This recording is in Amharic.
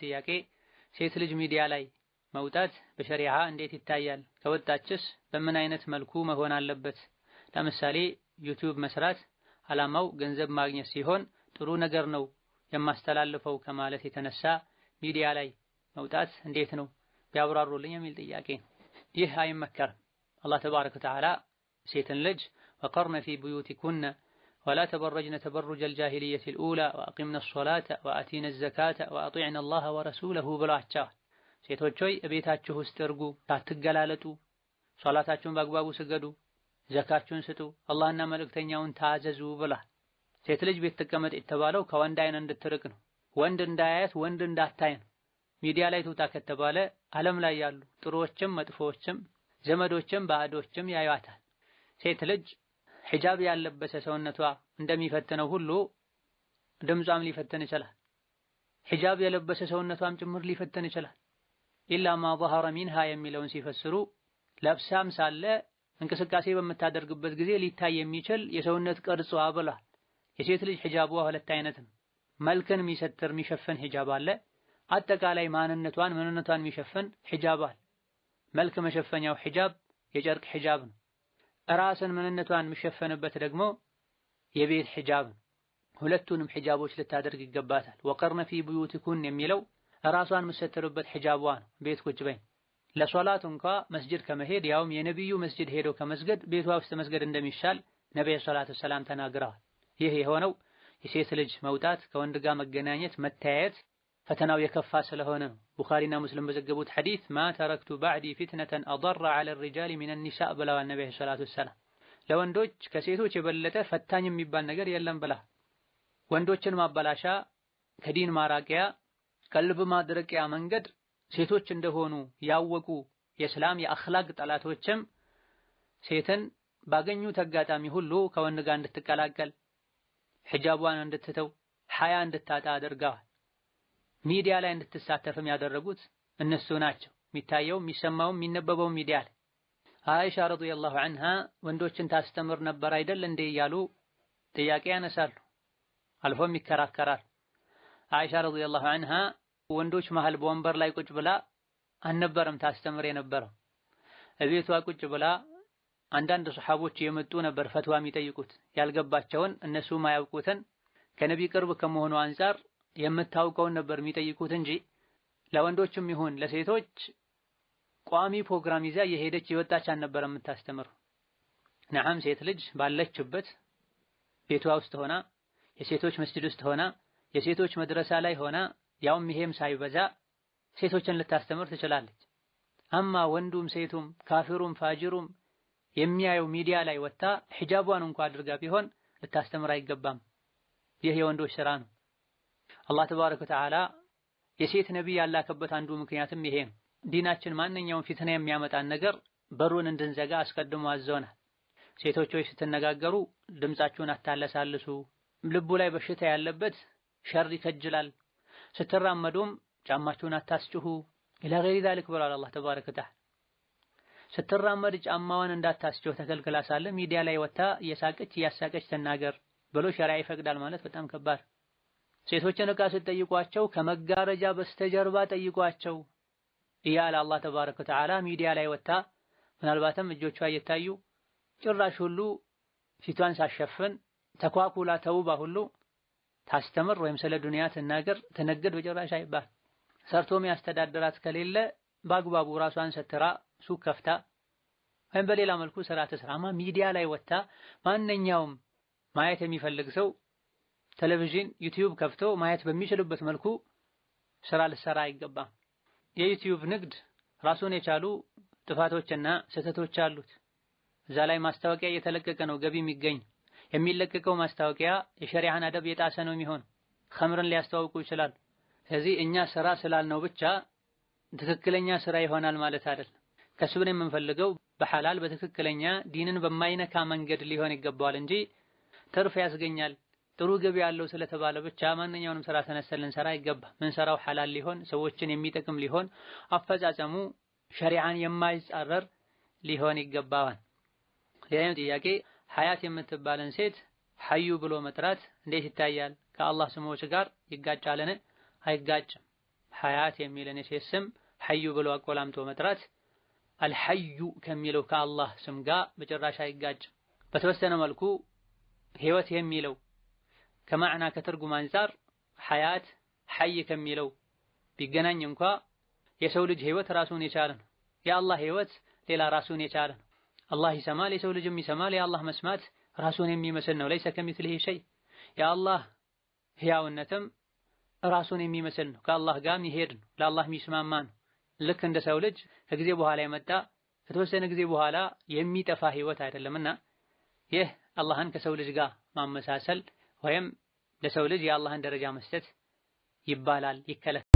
ጥያቄ ሴት ልጅ ሚዲያ ላይ መውጣት በሸሪዓ እንዴት ይታያል? ከወጣችስ በምን አይነት መልኩ መሆን አለበት? ለምሳሌ ዩቲዩብ መስራት አላማው ገንዘብ ማግኘት ሲሆን ጥሩ ነገር ነው የማስተላልፈው ከማለት የተነሳ ሚዲያ ላይ መውጣት እንዴት ነው ቢያብራሩልኝ የሚል ጥያቄ። ይህ አይመከርም። አላህ ተባረከ ወተዓላ ሴትን ልጅ ወቀርነ ፊ ቡዩቲኩነ ወላ ተበረጅነ ተበሩጀ አልጃሂልየቲል ኡላ ወአቂምነ ሶላተ፣ ወአቲነ ዘካተ ወአጢዕነ አላህ ወረሱለሁ ብሏቸዋል። ሴቶች ሆይ እቤታችሁ ውስጥ እርጉ፣ ታትገላለጡ፣ ሶላታችሁን በአግባቡ ስገዱ፣ ዘካችሁን ስጡ፣ አላህና መልእክተኛውን ታዘዙ ብሏል። ሴት ልጅ ቤት ትቀመጥ የተባለው ከወንድ አይን እንድትርቅ ነው። ወንድ እንዳያያት፣ ወንድ እንዳታይ ነው። ሚዲያ ላይ ትውጣ ከተባለ ዓለም ላይ ያሉ ጥሩዎችም መጥፎዎችም ዘመዶችም ባዕዶችም ያዩአታል። ሴት ልጅ ሒጃብ ያለበሰ ሰውነቷ እንደሚፈትነው ሁሉ ድምጿም ሊፈትን ይችላል። ሒጃብ የለበሰ ሰውነቷም ጭምር ሊፈትን ይችላል። ኢላ ማ ظهر ሚንሃ የሚለውን ሲፈስሩ ለብሳም ሳለ እንቅስቃሴ በምታደርግበት ጊዜ ሊታይ የሚችል የሰውነት ቅርጿ ብሏል። የሴት ልጅ ሒጃቧ ሁለት አይነት ነው። መልክን የሚሰትር የሚሸፍን ሒጃብ አለ። አጠቃላይ ማንነቷን ምንነቷን የሚሸፍን ሒጃብ አለ። መልክ መሸፈኛው ሒጃብ የጨርቅ ሒጃብ ነው። ራስን ምንነቷን የሚሸፈንበት ደግሞ የቤት ሒጃብ ሁለቱንም ሒጃቦች ልታደርግ ይገባታል። ወቀርነ ፊ ቡዩቲኩን የሚለው ራሷን የምትሰትሩበት ሒጃቧ ነው። ቤት ቁጭ በይ። ለሶላት እንኳ መስጅድ ከመሄድ ያውም የነቢዩ መስጅድ ሄዶ ከመስገድ ቤቷ ውስጥ መስገድ እንደሚሻል ነቢዩ ሰላቱ ሰላም ተናግረዋል። ይህ የሆነው የሴት ልጅ መውጣት ከወንድ ጋር መገናኘት መተያየት ፈተናው የከፋ ስለሆነ ነው። ቡኻሪና ሙስሊም በዘገቡት ሐዲስ ማ ተረክቱ ባዕዲ ፊትነተን አضራ ዐለ ሪጃሊ ሚነ ኒሳ ብለዋል ነቢ ዓለይሂ ሰላቱ ወሰላም። ለወንዶች ከሴቶች የበለጠ ፈታኝ የሚባል ነገር የለም ብላ ወንዶችን ማበላሻ፣ ከዲን ማራቂያ፣ ቀልብ ማድረቂያ መንገድ ሴቶች እንደሆኑ ያወቁ የእስላም የአኽላቅ ጠላቶችም ሴትን ባገኙት አጋጣሚ ሁሉ ከወንድ ጋር እንድትቀላቀል ሒጃቧን እንድትተው ሐያ እንድታጣ አድርገዋል። ሚዲያ ላይ እንድትሳተፍም ያደረጉት እነሱ ናቸው። የሚታየው የሚሰማውም የሚነበበው ሚዲያ ላይ አይሻ ረዲየላሁ አንሃ ወንዶችን ታስተምር ነበር አይደል እንዴ እያሉ ጥያቄ ያነሳሉ፣ አልፎም ይከራከራል። አይሻ ረዲየላሁ አንሃ ወንዶች መሃል በወንበር ላይ ቁጭ ብላ አልነበረም ታስተምር የነበረው እቤቷ ቁጭ ብላ አንዳንድ ሰሓቦች የመጡ ነበር ፈትዋ የሚጠይቁት ያልገባቸውን እነሱ ማያውቁትን ከነቢ ቅርብ ከመሆኑ አንጻር የምታውቀውን ነበር የሚጠይቁት እንጂ ለወንዶችም ይሁን ለሴቶች ቋሚ ፕሮግራም ይዛ የሄደች የወጣች አልነበረ የምታስተምር። ነዓም ሴት ልጅ ባለችበት ቤቷ ውስጥ ሆና የሴቶች መስጂድ ውስጥ ሆና የሴቶች መድረሳ ላይ ሆና ያውም ይሄም ሳይበዛ ሴቶችን ልታስተምር ትችላለች። አማ ወንዱም ሴቱም ካፊሩም ፋጅሩም የሚያየው ሚዲያ ላይ ወጥታ ሒጃቧን እንኳ አድርጋ ቢሆን ልታስተምር አይገባም። ይህ የወንዶች ስራ ነው። አላህ ተባረከ ወተዓላ የሴት ነቢይ ያላከበት አንዱ ምክንያትም ይሄ ነው። ዲናችን ማንኛውም ፊትና የሚያመጣን ነገር በሩን እንድንዘጋ አስቀድሞ አዘውናል። ሴቶች ስትነጋገሩ ድምፃችሁን አታለሳልሱ። ልቡ ላይ በሽታ ያለበት ሸር ይከጅላል። ስትራመዱም ጫማችሁን አታስጭሁ። ኢላ ገይሪ ዛሊክ ብሏል አላህ ተባረከ ወተዓላ። ስትራመድ ጫማዋን እንዳታስጭሁ ተከልክላ ሳለ ሚዲያ ላይ ወጥታ እየሳቀች እያሳቀች ትናገር ብሎ ሸሪዓ ይፈቅዳል ማለት በጣም ከባድ ሴቶችን ዕቃ ስትጠይቋቸው ከመጋረጃ በስተጀርባ ጠይቋቸው እያለ አላህ ተባረከ ወተዓላ ሚዲያ ላይ ወጣ። ምናልባትም እጆቿ እየታዩ ጭራሽ ሁሉ ፊቷን ሳሸፍን ተኳኩላ ተውባ ሁሉ ታስተምር ወይም ስለ ዱንያ ትናገር ትነግድ በጭራሽ አይባል። ሰርቶ የሚያስተዳድራት ከሌለ በአግባቡ ራሷን ሰትራ ሱቅ ከፍታ ወይም በሌላ መልኩ ስራ ትስራማ። ሚዲያ ላይ ወጣ ማንኛውም ማየት የሚፈልግ ሰው ቴሌቪዥን፣ ዩቲዩብ ከፍቶ ማየት በሚችልበት መልኩ ስራ ልሰራ አይገባም። የዩቲዩብ ንግድ ራሱን የቻሉ ጥፋቶችና ስህተቶች አሉት። እዛ ላይ ማስታወቂያ እየተለቀቀ ነው ገቢ የሚገኝ። የሚለቀቀው ማስታወቂያ የሸሪዓን አደብ የጣሰ ነው የሚሆን። ኸምርን ሊያስተዋውቁ ይችላል። ስለዚህ እኛ ስራ ስላልነው ብቻ ትክክለኛ ስራ ይሆናል ማለት አይደለም። ከሱብን የምንፈልገው በሐላል በትክክለኛ ዲንን በማይነካ መንገድ ሊሆን ይገባዋል እንጂ ትርፍ ያስገኛል ጥሩ ገቢ ያለው ስለተባለ ብቻ ማንኛውንም ስራ ተነስተን ልንሰራ ይገባ። ምን ሰራው ሐላል ሊሆን ሰዎችን የሚጠቅም ሊሆን አፈጻጸሙ ሸሪዓን የማይጻረር ሊሆን ይገባዋል። ሌላኛው ጥያቄ ሀያት የምትባልን ሴት ሐዩ ብሎ መጥራት እንዴት ይታያል? ከአላህ ስሞች ጋር ይጋጫልን? አይጋጭም። ሀያት የሚለን የሴት ስም ሐዩ ብሎ አቆላምቶ መጥራት አልሐዩ ከሚለው ከአላህ ስም ጋር በጭራሽ አይጋጭም። በተወሰነ መልኩ ህይወት የሚለው ከማዕና ከትርጉም አንጻር ሐያት ሐይ ከሚለው ቢገናኝ እንኳ የሰው ልጅ ህይወት ራሱን የቻለ ነው። የአላህ ህይወት ሌላ ራሱን የቻለ ነው። አላህ ይሰማል፣ የሰው ልጅም ይሰማል። የአላህ መስማት ራሱን የሚመስል ነው። ለይሰ ከሚስሊሂ ሸይ። የአላህ ህያውነትም ራሱን የሚመስል ነው። ከአላህ ጋር የሚሄድ ነው። ለአላህ የሚስማማ ነው። ልክ እንደ ሰው ልጅ ከጊዜ በኋላ የመጣ ከተወሰነ ጊዜ በኋላ የሚጠፋ ህይወት አይደለምና ይህ አላህን ከሰው ልጅ ጋር ማመሳሰል ወይም ለሰው ልጅ የአላህን ደረጃ መስጠት ይባላል ይከለከላል።